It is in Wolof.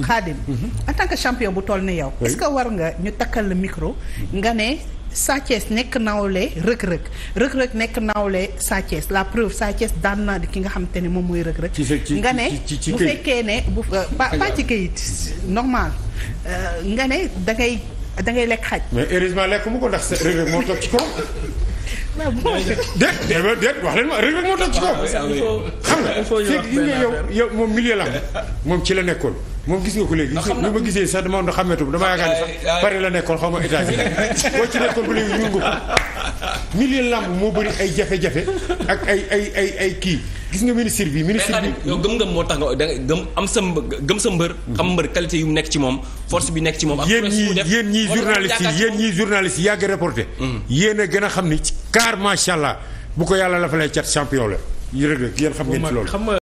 Khadim mhm. en tant que champion bu toll ni yow est que war nga ñu takkal le micro nga ne Sa nekk nawle Reug Reug Reug nekk nawle Sa Thiès la preuve Sa daan naa ki nga xamante ne moom mooy Reug Reug nga ne bu fekkee ne bu euh, pas ci kayit normal euh, nga ne da ngay da ngay lekk xaj mais heureusement lekk mu ko ndax Reug Reug moo toog ci ko déet déet wax leen ma Reug Reug moo toog ci kaw ah ah xam nga fekk yow moom milieu la moom ci la nekkoon moom gis nga ko léegi. xam naa ma gisee sax dama doon xàmmeetu la nekkoon xaw ma état bi boo ci ba ay jafe-jafe ak ay ay ay ay kii gis nga ministre bi ministre bi. yow gëm-gëm moo tax nga da gëm am sa gëm sa mbër. xam mbër qualité yu mu nekk ci moom force bi nekk ci moom. ak yéen ñii yéen ñii journaliste yi yéen ñii journaliste yi yàgg reporté. Hmm. yéen a gën a xam ni car macha allah bu ko yàlla la fa lay cat champion la. yéen xam ngeen ci loolu